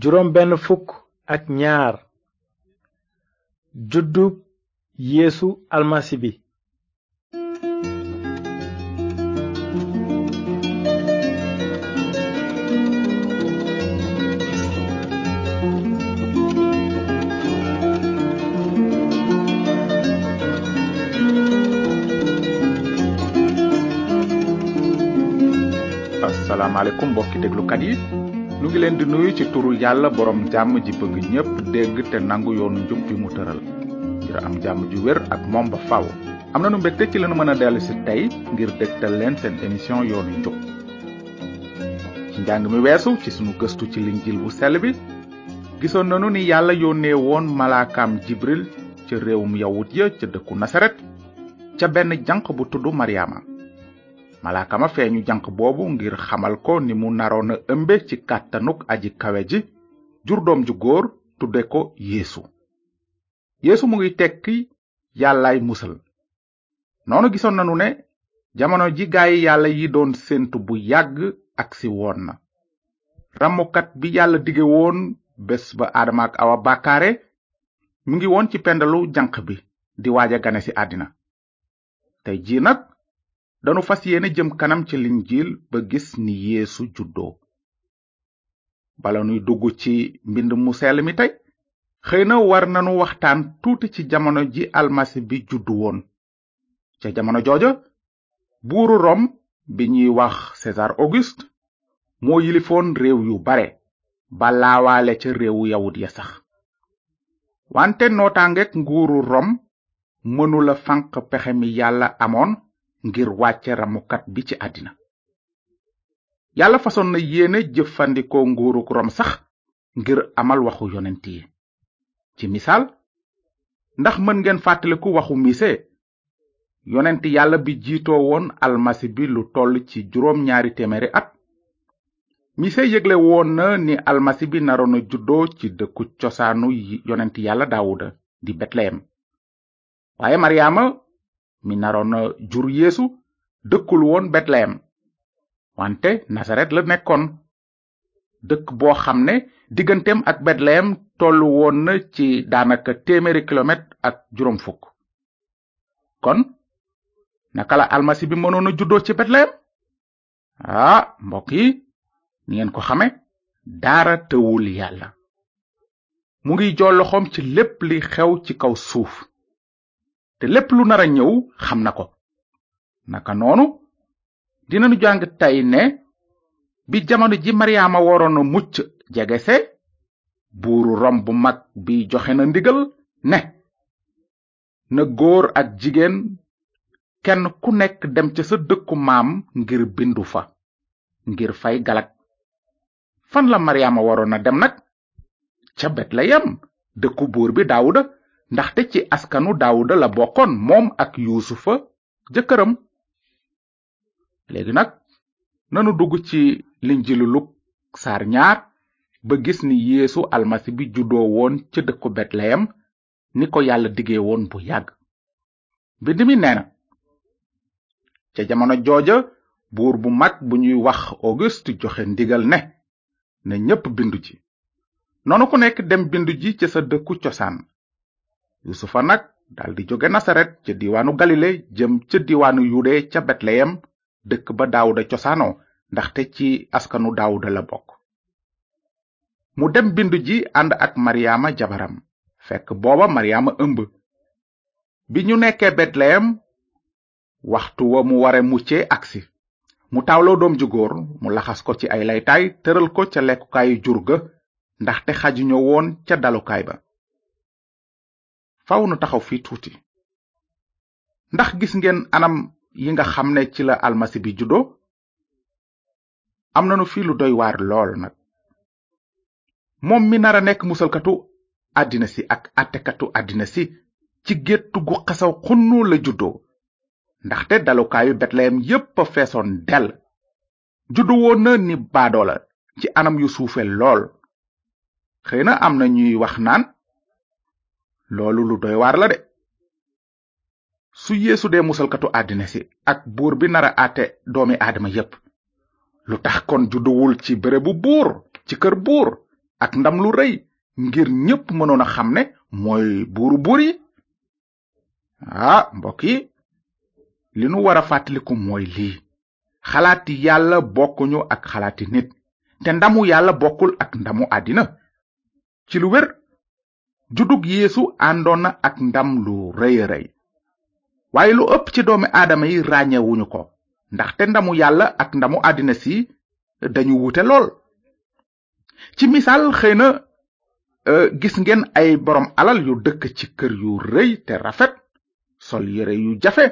juróom benn fukk ak ñaar juddub yeesu almasi bi asalaamaaleykum mbokki déglukat yi ñu ngi leen di nuyu ci turu yàlla borom jàmm ji bëgg ñépp dégg te nangu yoonu njub bi mu tëral ngir am jàmm ju wér ak moom ba faaw am na nu mbégte ci lañu mën a dellu si tey ngir dégtal leen seen émission yoonu njub ci njàng mi weesu ci sunu gëstu ci linjil bu sell bi gisoon nanu ni yàlla yónnee woon malaakaam jibril ca réewum yawut ya ca dëkku nasaret ca benn janq bu tudd maryaama malaaka ma feeñu janq boobu ngir xamal ko ni mu naroon a ëmbe ci kàttanuk aji kawe ji jur doom ju góor tudde ko yeesu yéesu mu ngi tekki yàllaay musal noonu gisoon nanu ne jamono ji gaay yàlla yi doon séentu bu yàgg agsi woon na ramukat bi yàlla dige woon bés ba aadama awa bàkkaare mu ngi woon ci pendalu janq bi di waaja gane ci àddina tey jii nag danu fas yéene jëm kanam ci linjiil ba gis ni yéesu juddoo bala nuy dugg ci mbind mu sell mi tey xëy na war nanu waxtaan tuuti ci jamono ji almasi bi juddu woon ca jamono jooja buuru rom bi ñuy wax César Auguste moo yilifoon réew yu bare ba laawaale ca réewu yawut ya sax wante nootaangeek nguuru rom mënula fanq pexe mi yàlla amoon ngir wàcce ramukat ci àddina yàlla fasoon na yéene jëfandikoo nguuruk rom sax ngir amal waxu yonent yi ci misaal ndax mën ngeen fàttaliku waxu mise yonent yàlla bi jiitoo woon almasi bi lu toll ci juróom ñaari téeméeri at mise yëgle woon na ni almasi bi naroon juddoo ci dëkku cosaanu yonent yàlla daawuda di betlehem waaye maryaama mi naroon a jur yeesu dëkkul woon betleyem wante nasaret la nekkoon dëkk boo xam ne digganteem ak betleyem tollu woon na ci daanaka téeméeri kilomètre ak juróom fukk kon naka la almasi bi mënoon a juddoo ci betleyem ah mbokk yi ngeen ko xame daara tëwul yàlla mu ngi jooloxoom ci lépp li xew ci kaw suuf te lépp lu nar a ñëw xam na ko naka noonu dinanu jàng tey ne bi jamono ji maryaama waroon a mucc jegese buuru rom bu mag bi joxe na ndigal ne na góor ak jigéen kenn ku nekk dem ca sa dëkku maam ngir bindu fa ngir fay galak fan la maryaama waroon a dem nag ca betleyem dëkku buur bi daawuda ndaxte ci askanu daawuda la bokkoon moom ak yuusufa jëkkëram léegi nag nanu dugg ci linjilu luk saar ñaar ba gis ni yéesu almasi bi juddoo woon ca dëkku betleyem ni ko yàlla digee woon bu yàgg mbind mi nee na ca jamono jooja buur bu mag bu ñuy wax auguste joxe ndigal ne na ñépp bindu ji noonu ko nekk dem bindu ji ca sa dëkku cosaan yusufa nag daldi jóge nasaret ca diiwaanu galile jëm ca diiwaanu yude ca betleyem dëkk ba daawuda cosaano ndaxte ci askanu daawuda la bokk mu dem bindu ji ànd ak maryaama jabaram fekk booba maryaama ëmb bi ñu nekkee betleyem waxtu wa mu ware muccee aksi mu taawloo doom ju góor mu laxas ko ci ay laytaay tëral ko ca lekkukaayu jur ga ndaxte xajuño woon ca dalukaay ba faw nu taxaw fii tuuti ndax gis ngeen anam yi nga xam ne ci la almasi bi juddoo am nanu fi lu doy waar lool nag moom mi nara nekk musalkatu àddina si ak àttekatu àddina si ci géttu gu xasaw xunnu la juddoo ndaxte dalukaayu betleyem yépp a feesoon del juddu woon na ni baadoola ci anam yu suufee lool xëy na am na ñuy wax naan loolu lu doy de su yeesu dee musalkatu àddina si ak buur bi nara ate doomi aadama yépp lu tax kon judduwul ci bérébu buur ci kër buur ak ndam lu rëy ngir ñépp mënoon a xam ne mooy buuru buur yi ah mbokk yi li nu war a fàttaliku mooy lii xalaati yàlla bokkuñu ak xalaati nit te ndamu yàlla bokkul ak ndamu àddina ci lu wér juddug yéesu àndoon na ak ndam lu rëy rëy waaye lu ëpp ci doomi aadama yi ràññewuñu ko ndaxte ndamu yàlla ak ndamu àddina si dañu wuute lool ci misaal xëy na euh, gis ngeen ay borom alal yu dëkk ci kër yu rëy te rafet sol yére yu jafe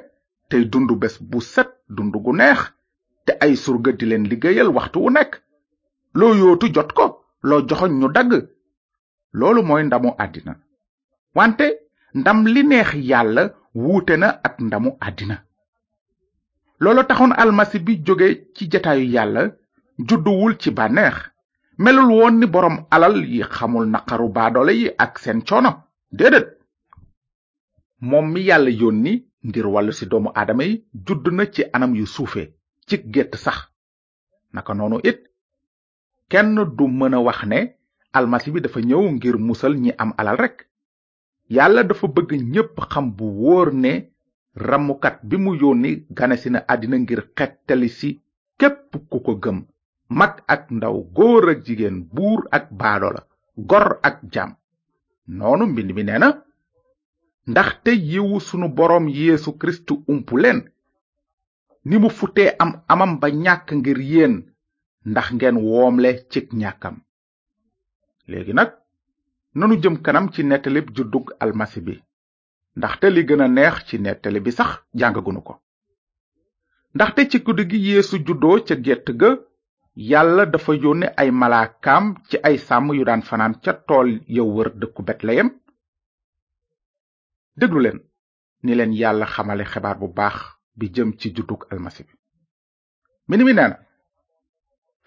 tey dund bés bu set dund gu neex te ay surga di leen liggéeyal waxtu wu nekk loo yootu jot ko loo joxoñ ñu dagg loolu mooy ndamu àddina wante ndam li neex yàlla wuute na ak ndamu àddina loolu taxoon almasi bi jóge ci jataayu yàlla judduwul ci bànneex melul woon ni boroom alal yi xamul naqaru baadoole yi ak seen coono déedéet moom mi yàlla yónni ngir wàllu ci doomu aadama yi judd na ci anam yu suufe ci gétt sax naka noonu it kenn du mën a wax ne almasi bi dafa ñëw ngir musal ñi am alal rekk yàlla dafa bëgg ñépp xam bu wóor ne ramukat bi mu yónni ganesi na àddina ngir xettali si képp ku ko gëm mag ak ndaw góor ak jigéen buur ak baadola gor ak jaam noonu mbind mi nee na ndaxte yiwu sunu boroom yéesu kristu umpu leen ni mu futtee am amam ba ñàkk ngir yéen ndax ngeen woomle cig ñàkkam léegi nag nanu jëm kanam ci nettalib juddug almasi bi ndaxte li gën a neex ci nettali bi sax jàngagunu ko ndaxte ci guddi gi yéesu juddoo ca gett ga yàlla dafa yónne ay malaakaam ci ay sàmm yu daan fanaan ca tool ya wër dëkku betleyem déglu leen ni leen yàlla xamale xebaar bu baax bi jëm ci juddug almasi bi mbind mi nee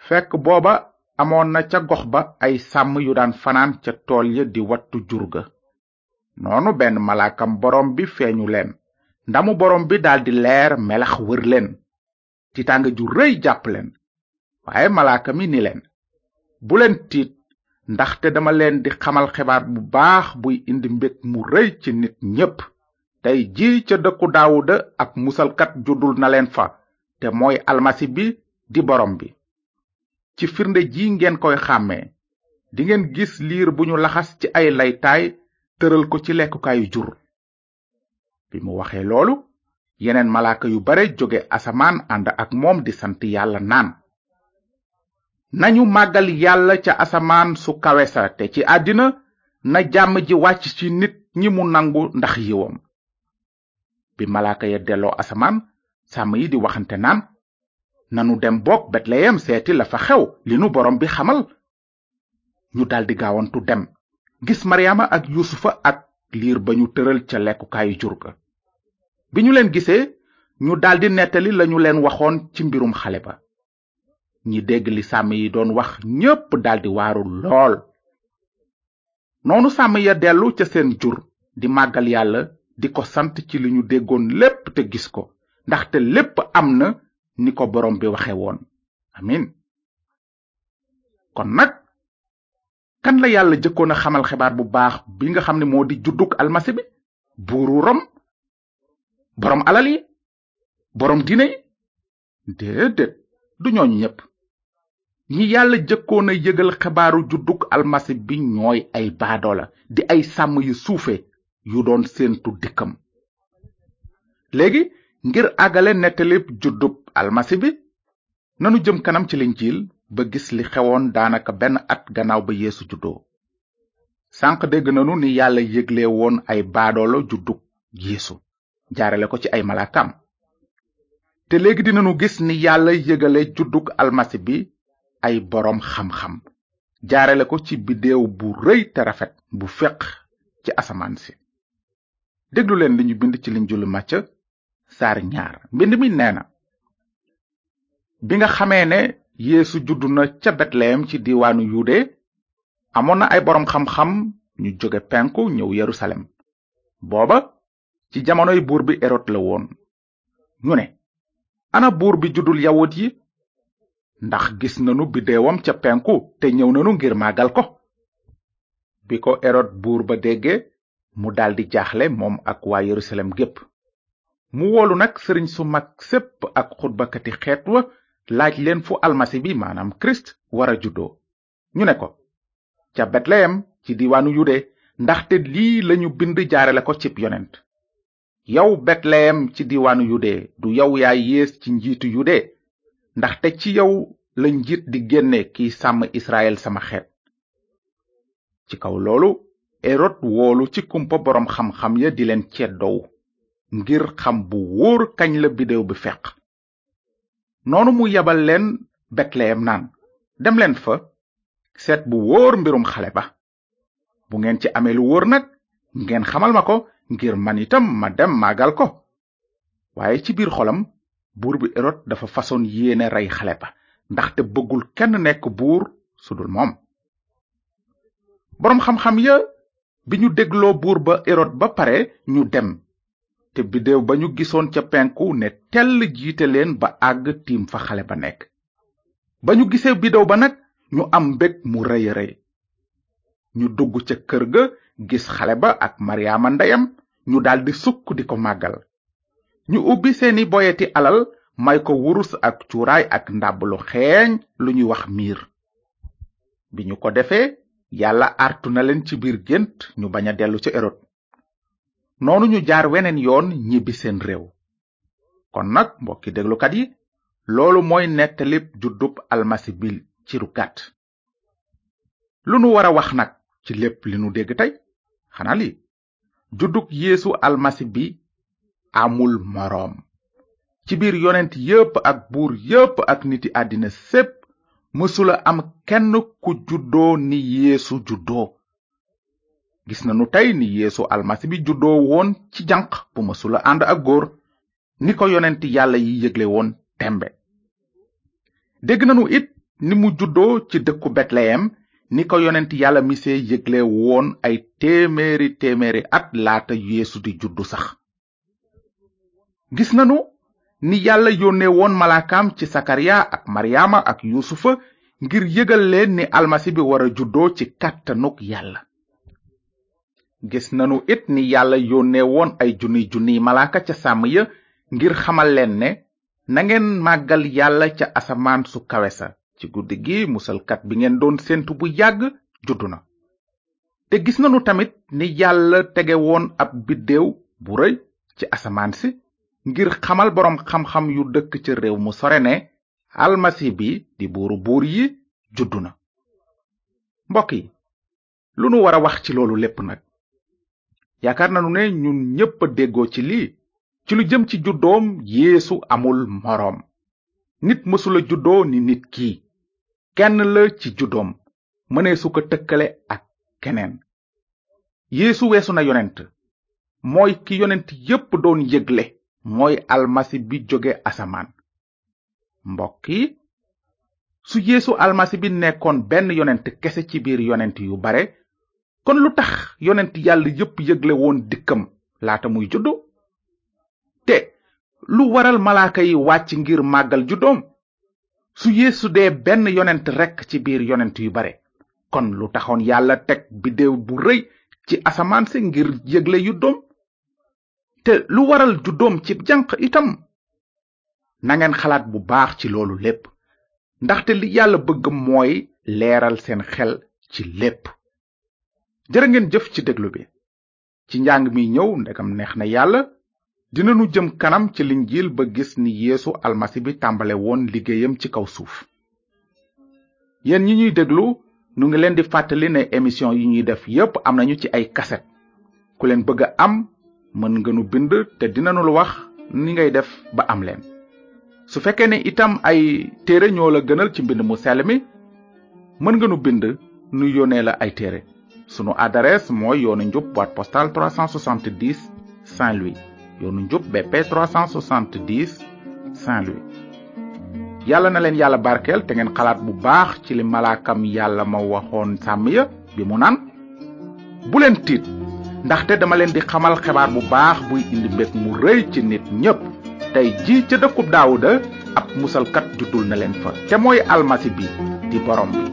fekk booba amoon na ca gox ba ay sàmm yu daan fanaan ca tool ya di wattu jur noonu benn malaakam boroom bi feeñu leen ndamu boroom bi daldi leer melax wërleen leen tiitaanga ju rëy jàpp leen waaye malaaka mi ni leen bu leen tiit ndaxte dama leen di xamal xibaar bu baax buy indi mbég mu rëy ci nit ñépp tey ji ca dëkku daawuda ak musalkat juddul na leen fa te mooy almasi bi di boroom bi ci firnde ji ngeen koy xàmmee dingeen gis liir bu ñu laxas ci ay laytaay tëral ko ci lekkukaayu jur bi mu waxee loolu yeneen malaaka yu bare jóge asamaan ànd ak moom di sant yàlla naan nañu màggal yàlla ca asamaan su kawe sa te ci àddina na jàmm ji wàcc ci nit ñi mu nangu ndax yiwam bi malaaka ya delloo asamaan sàmm yi di waxante naan nanu dem boog betleyem seeti la fa xew li nu borom bi xamal ñu daldi gaawantu dem gis maryaama ak yuusufa ak liir ba ñu tëral ca lekkukaayu jur ga bi ñu leen gisee ñu daldi nettali lañu leen waxoon ci mbirum xale ba ñi dégg li sàmm yi doon wax ñépp daldi waaru lool noonu sàmm ya dellu ca seen jur di màggal yàlla di ko sant ci li ñu déggoon lépp te gis ko ndaxte lépp am na ni ko boroom bi waxe woon amin kon nag kan la yàlla jëkkoon a xamal xibaar bu baax bi nga xam ne moo di juddug almasi bi buuru rom boroom alal yi boroom diine yi déedéet du ñooñu ñépp ñi yàlla jëkkoon a yëgal xibaaru judduk almasi bi ñooy ay baadoola di ay sàmm yu suufe yu doon séentu dikkam léegi ngir àggale nettalib juddub almasi bi nanu jëm kanam ci linjiil ba gis li xewoon daanaka benn at gannaaw ba yéesu juddoo sanq dégg nanu ni yàlla yégle woon ay baadoolo juddug yeesu jaarale ko ci ay malaakaam te léegi dinanu gis ni yàlla yégale juddug almasi bi ay boroom xam-xam jaarale ko ci biddéew bu rëy te rafet bu feq ci asamaan si déglu leen li ñu bind ci linjiilu Màcca saar ñaar mbind mi nee na bi nga xamee ne yéesu juddu na ca betlehem ci diwaanu yude amoon na ay boroom xam-xam ñu jóge penku ñëw yerusalem booba ci jamonoy buur bi erod la woon ñu ne ana buur bi juddul yawut yi ndax gis nanu biddeewam ca penku te ñëw nanu ngir màggal ko bi ko erod buur ba dégge mu daldi jaaxle moom ak waa yerusalem gépp mu woolu nag sëriñ su mag sépp ak xutbakati xeet wa laaj leen fu almasi bi maanaam kirist wara juddoo ñu ne ko ca betleyem ci diiwaanu yude ndaxte lii lañu bind jaarale ko cib yonent yow betleyem ci diiwaanu yude du yow yaa yées ci njiitu yude ndaxte ci yow la njiit di génne kiy sàmm israel sama xeet ci kaw loolu erod woolu ci kumpa boroom xam-xam ya di leen ceet dow ngir xam bu wóor kañ la biddew bi feq noonu mu yabal leen betleyem naan dem leen fa seet bu wóor mbirum xale ba bu ngeen ci amee lu wóor nag ngeen xamal ma ko ngir man itam ma dem màggal ko waaye ci biir xolam buur bi erod dafa façon yéene rey xale ba ndaxte bëggul kenn nekk buur sudul moom boroom xam-xam ya bi ñu dégloo buur ba erod ba pare ñu dem te biddéew ba ñu gisoon ca penku ne tell jiite leen ba àgg tiim fa xale ba nekk ba ñu gisee biddéew ba nag ñu am mbég mu rëy rëy ñu dugg ca kër ga gis xale ba ak maryaama ndeyam ñu daldi sukk di ko màggal ñu ubbi seeni boyeti alal may ko wurus ak cuuraay ak ndàbb lu xeeñ lu ñuy wax miir bi ñu ko defee yàlla artu na leen ci biir gént ñu bañ a dellu ca erod noonu ñu jaar weneen yoon ñibbi seen réew kon nag mbokki déglukat yi loolu mooy nettalib juddub almasi bi ci lu gàtt lu nu wara wax nag ci lépp li nu dégg tey xanaa judduk yéesu yeesu almasi bi amul moroom ci biir yonent yépp ak buur yépp ak niti àddina sépp mësula am kenn ku juddoo ni yeesu juddoo gis nanu tey ni yeesu almasi bi juddoo woon ci janq bu mësula ànd ak góor ni ko yonent yàlla yi yëgle woon tembe dégg nanu it ni mu juddoo ci dëkku betleyem ni ko yonent yàlla misee yëgle woon ay téeméeri téeméeri at laata yeesu di juddu sax gis nanu ni yàlla yónnee woon malaakaam ci sakariya ak maryaama ak yuusufa ngir yëgal leen ni almasi bi wara juddoo ci kàttanuk yàlla gis nanu it ni yàlla yónnee woon ay junniy junniy malaaka ca sàmm ya ngir xamal leen ne nangeen màggal yàlla ca asamaan su kawe ci guddi gi musalkat bi ngeen doon séentu bu yàgg juddu na te gis nanu tamit ni yàlla tege woon ab biddéew bu rëy ci asamaan si ngir xamal boroom xam-xam yu dëkk ca réew mu sore ne almasi bi di buuru buur yi juddu na mbokk yi lu nu war a wax ci loolu lépp nag yaakaar nanu ne ñun ñépp a déggoo ci lii ci lu jëm ci juddoom yéesu amul moroom nit mësula juddoo ni nit kii kenn la ci juddoom mënee su tëkkale ak keneen yéesu weesu na yonent mooy ki yonent yépp doon yëgle mooy almasi bi jóge asamaan mbokk yi su yéesu almasi bi nekkoon benn yonent kese ci biir yonent yu bare kon lu tax yonent yàlla yépp yëgle dikkam laata muy juddu te lu waral malaaka yi wàcc ngir màggal juddoom su yeesu dee benn yonent rekk ci biir yonent yu bare kon lu taxoon yàlla teg biddéew bu rëy ci asamaan si ngir yëgle yuddoom te lu waral juddoom ci janq itam nangeen xalaat bu baax ci loolu lépp ndaxte li yàlla bëgg mooy leeral seen xel ci lépp jërë ngeen jëf ci déglu bi ci njàng mi ñëw ndegam neex na yàlla dinanu jëm kanam ci linjiil ba gis ni yéesu almasi bi tàmbale woon liggéeyam ci kaw suuf yéen ñi ñuy déglu nu ngi leen di fàttali ne émission yi ñuy def yépp am nañu ci ay kaset ku leen bëgg a am mën nga nu bind te dinanu la wax ni ngay def ba am leen su fekkee ne itam ay téere ñoo la gënal ci mbind mu sell mi mën nga nu bind nu yónnee la ay téere sunu adresse mooy yoonu njub boîte postale 370 Saint-Louis yoonu njub BP 370 Saint-Louis. yàlla na leen yàlla barkeel te ngeen xalaat bu baax ci li malaakam yàlla ma waxoon sàmm ya bi mu naan bu leen tiit ndaxte dama leen di xamal xibaar bu baax buy indi mbég mu rëy ci nit ñépp tey ji ca dëkku daawuda ab musalkat juddul na leen fa te mooy almasi bi di borom